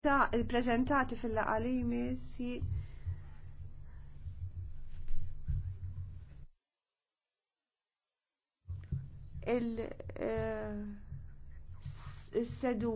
ta' il-prezentati fil-laqalimi si il-sedu eh,